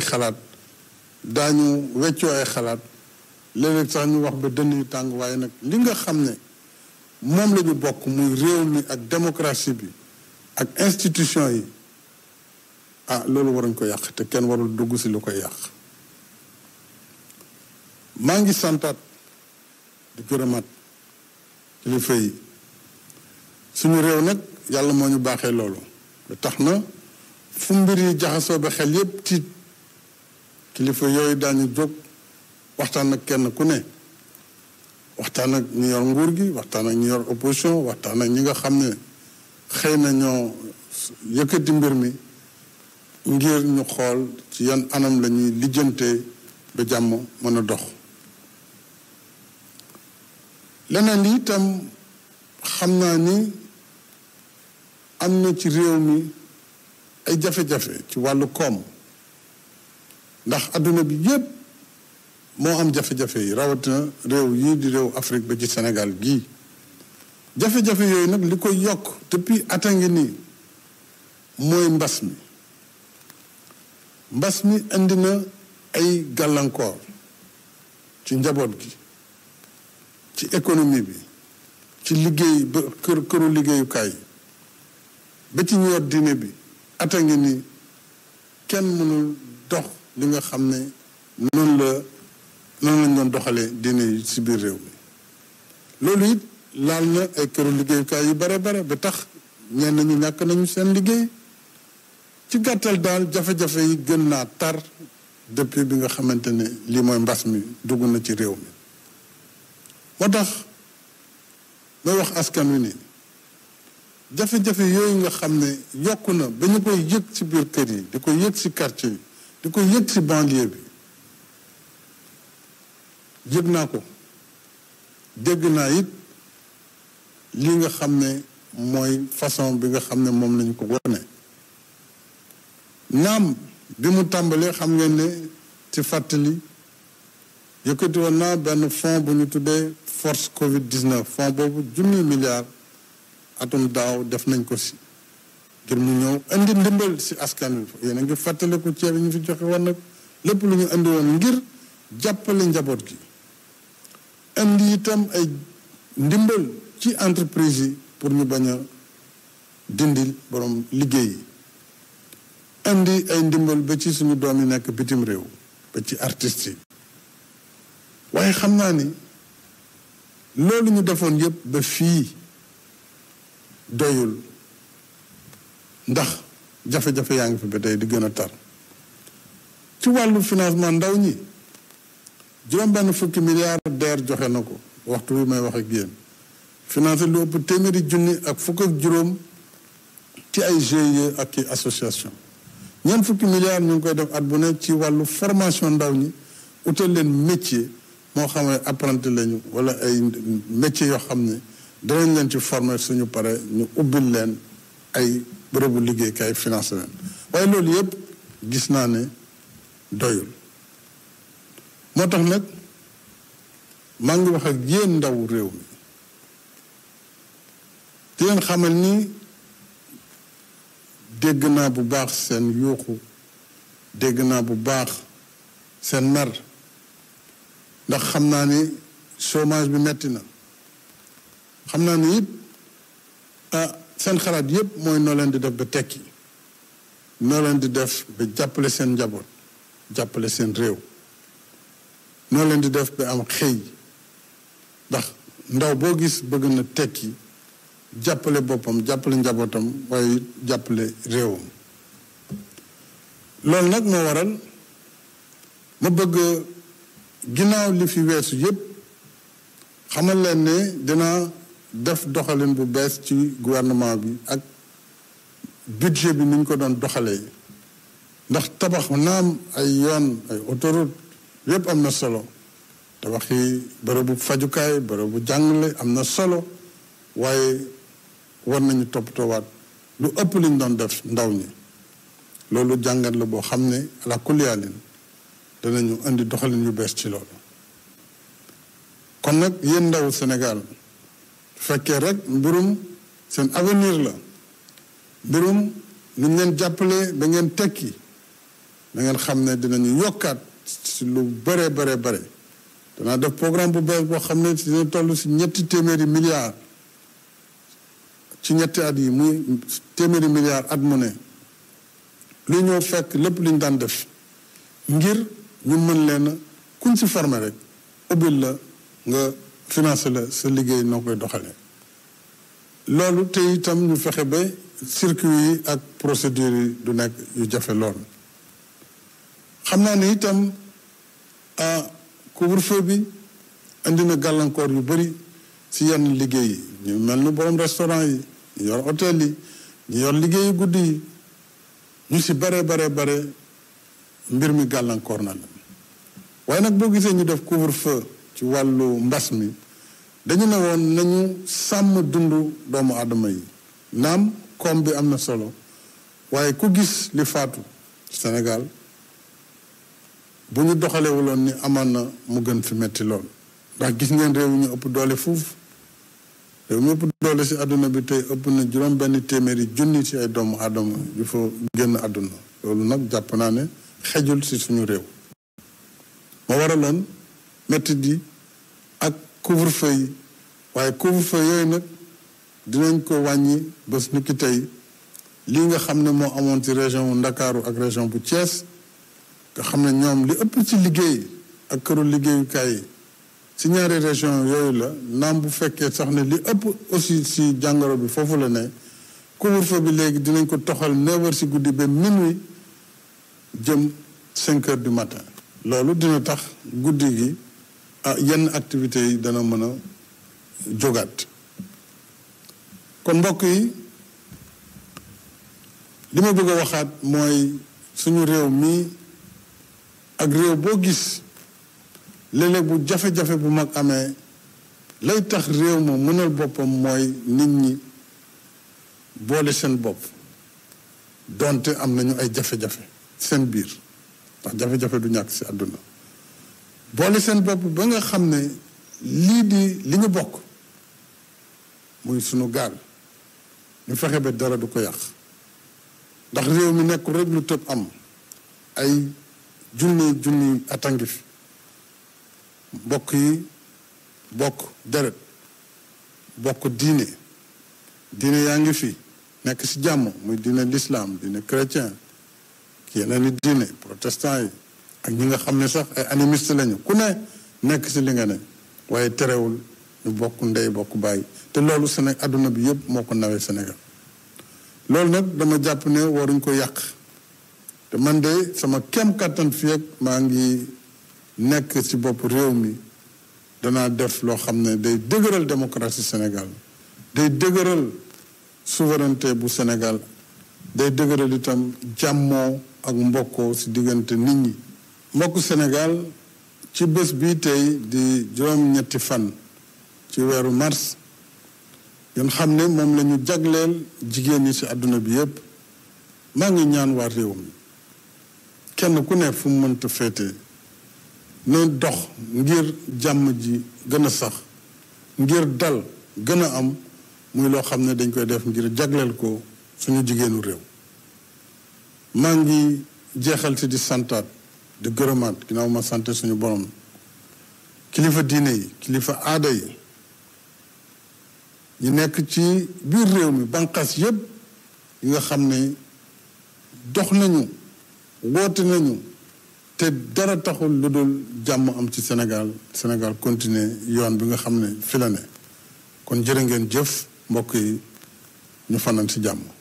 xalaat daañu weccoo ay xalaat léeg-léeg sax ñu wax ba dënn yu tàng waaye nag li nga xam ne moom la bokk muy réew mi ak démocratie bi ak institution yi ah loolu waruñ ko yàq te kenn warul dugg si lu koy yàq maa ngi santaat di gërëmaat kilifa yi suñu réew nag yàlla moo ñu baaxee loolu tax na fu mbir yi jaxasoo ba xel yépp tiit kilifa yooyu daañu jóg waxtaan nag kenn ku ne waxtaan ak ñu yor nguur gi waxtaan ak ñu yor opposition waxtaan ak ñi nga xam ne xëy na ñoo yëkkati mbir mi ngir ñu xool ci yan anam lañuy ñuy ba jàmm mën a dox leneen li itam xam naa ni am na ci réew mi ay jafe-jafe ci wàllu koom ndax adduna bi yépp moo am jafe-jafe yi rawatina réew yii di réew Afrique ba ci senegal gii jafe-jafe yooyu nag li koy yokk depuis at a ngi nii mooy mbas mi mbas mi indi na ay gàllankoor ci njaboot gi ci économie bi ci liggéey ba kër këru liggéeyukaay yi ba ci ñor diine bi at a ngi nii kenn mënul dox li nga xam ne noonu la noonu lañ doon doxalee diine yi ci biir réew mi loolu it laal na ay këru liggéeyukaay yu bare bare ba tax ñenn ñu ñàkk nañu seen liggéey ci gàttal daal jafe-jafe yi gën naa tar depuis bi nga xamante ne lii mooy mbas mi dugg na ci réew mi moo tax may wax askan wi ni jafe-jafe yooyu nga xam ne yokku na ba ñu koy yëg ci biir kër yi di ko yëg ci quartier yi di ko yëg ci banlieue bi yëg naa ko dégg naa it lii nga xam ne mooy façon bi nga xam ne moom lañu ko wone naam bi mu tàmbalee xam ngeen ne ci fàttali yëkkati woon naa benn fonds bu ñu tuddee force covid 19 fonds boobu junni milliard atum daaw def nañ ko si ngir mu ñëw indi ndimbal si askan wi yéen a ngi fàttaliku ceeb yi ñu fi joxe woon nag lépp lu ñu indi woon ngir jàppale njaboot gi indi itam ay ndimbal ci entreprise yi pour ñu bañ a dindil borom liggéey yi indi ay ndimbal ba ci suñu doom yi nekk bitim réew ba ci artistes yi waaye xam naa ni loolu ñu defoon yépp ba fii doyul ndax jafe-jafe yaa ngi fi ba tey di gën a tar ci wàllu financement ndaw ñi juróom-benn fukki milliards DER joxe na ko waxtu wi may wax a yéen finance lu ëpp téeméeri junni ak fukk ak juróom ci ay GIE ak association ñeent fukki milliards ñu ngi koy def at bu ne ci wàllu formation ndaw ñi utal leen métier moo xam ne apprenti lañu wala ay métier yoo xam ne danañ leen ci former suñu pare ñu ubbil leen ay bërëbu liggéeykaay financé leen waaye loolu yëpp gis naa ne doyul moo tax nag maa ngi wax ak yéen ndaw réew mi di xamal ni dégg naa bu baax seen yuuxu dégg naa bu baax seen mar ndax xam naa ni chômage bi metti na xam naa ni it ah seen xalaat yépp mooy noo leen di def ba tekki noo leen di def ba jàppale seen njaboot jàppale seen réew noo leen di def ba am xëy ndax ndaw boo gis bëgg na tekki jàppale boppam jàppale njabootam waaye jàppale réewam loolu nag moo waral ma bëgg ginnaaw li fi weesu yépp xamal leen ne dinaa def doxalin bu bees ci gouvernement bi ak budget bi ni ñu ko doon doxalee ndax tabax naam ay yoon ay autoroute yépp am na solo tabax yi bërëbu fajukaay bërëbu jàngale am na solo waaye war nañu toppatoowaat lu ëpp liñ doon def ndaw ñi loolu jàngat la boo xam ne la kuliyaalin ñu indi doxalin yu bees ci loolu kon nag yéen ndaw Sénégal fekkee rek mbirum seen avenir la mbirum ni ñu leen jàppale ba ngeen tekki da ngeen xam ne dinañu yokkaat si lu bare bare bare danaa def programme bu bees boo xam ne dina toll si ñetti téeméeri milliards ci ñetti at yi muy téeméeri milliards at mu ne lu ñoo fekk lépp lu ñu daan def ngir ñu mën leen kuñ si formé rek ubbil la nga financé la sa liggéey noo koy doxalee loolu te itam ñu fexe ba circuit yi ak procédure yi du nekk yu jafe lool xam naa ni itam couvre-feu bi indi na gàllankoor yu bëri si yenn liggéey yi ñu mel ni borom restaurant yi ñu yor hôtel yi ñu yor liggéeyu guddi yi ñu si bare bare bare mbir mi gàllankoor na la waaye nag boo gisee ñu def couvre-feu wàllu mbas mi dañu ne woon nañu sàmm dundu doomu aadama yi naam koom bi am na solo waaye ku gis li faatu Sénégal bu ñu doxalewuloon ni amaan na mu gën fi metti lool ndax gis ngeen réew ñu ëpp doole fuuf réew ñu ëpp doole ci àdduna bi tey ëpp na juróom benn téeméeri junni ci ay doomu aadama yu fa génn àdduna loolu nag jàpp naa ne xejul ci suñu réew ma waraloon metti di couvre-feu yi waaye couvre-feu yooyu nag dinañ ko wàññi bés ni ki tey lii nga xam ne moo amoon ci région Ndakaaru ak région bu Thiès nga xam ne ñoom li ëpp ci liggéey ak këru liggéeyukaay yi ci ñaari région yooyu la naam bu fekkee sax ne li ëpp aussi si jàngoro bi foofu la ne couvre-feu bi léegi dinañ ko toxal 9 si ci guddi ba muy jëm 5h du matin loolu dina tax guddi gi ah yenn activités yi dana mën a jógaat kon mbokk yi li ma bëgg a waxaat mooy suñu réew mii ak réew boo gis léeg-léeg bu jafe-jafe bu mag amee lay tax réew ma mënal boppam mooy nit ñi boole seen bopp donte am nañu ay jafe-jafe seen biir ndax jafe-jafe du ñàkk ci àdduna boole seen bopp ba nga xam ne lii di li ñu bokk muy sunu gaal ñu fexe ba dara du ko yàq ndax réew mi nekkul rek lu tëb am ay junni junni atangi fi bokk yi bokk deret bokk diine diine yaa ngi fi nekk ci jàmm muy diine lislaam diine chrétien ki yeneen i diine protestant yi ak ñi nga xam ne sax ay animiste lañu ku ne nekk ci li nga ne waaye terewul ñu bokk ndey bokk bàyyi te loolu Sénégal àdduna bi yëpp moo ko nawee Sénégal loolu nag dama jàpp ne waruñ ko yàq te man de sama kem kàttan fii ak maa ngi nekk ci bopp réew mi danaa def loo xam ne day dëgëral démocratie senegal day dëgëral souveraineté bu senegal day dëgëral itam jàmmoo ak mbokkoo ci diggante nit ñi mbokku Sénégal ci bés bi tey di juróom-ñetti fan ci weeru mars ngeen xam ne moom lañu jagleel jigéen ñi ci àdduna bi yépp maa ngi ñaan waa réew mi kenn ku ne fu mënta féete ne dox ngir jàmm ji gën a sax ngir dal gën a am muy loo xam ne dañ koy def ngir jagleel ko suñu jigéenu réew maa ngi jeexal ci di santaat di gërëmaat ginnaaw ma sant suñu borom kilifa diine yi kilifa aada yi ñu nekk ci biir réew mi banqaas yépp yi nga xam ne dox nañu woote nañu te dara taxul lu dul jàmm am ci Sénégal Sénégal continuer yoon bi nga xam ne fi ne kon jërë ngeen jëf mbokk yi ñu fanaan ci jàmm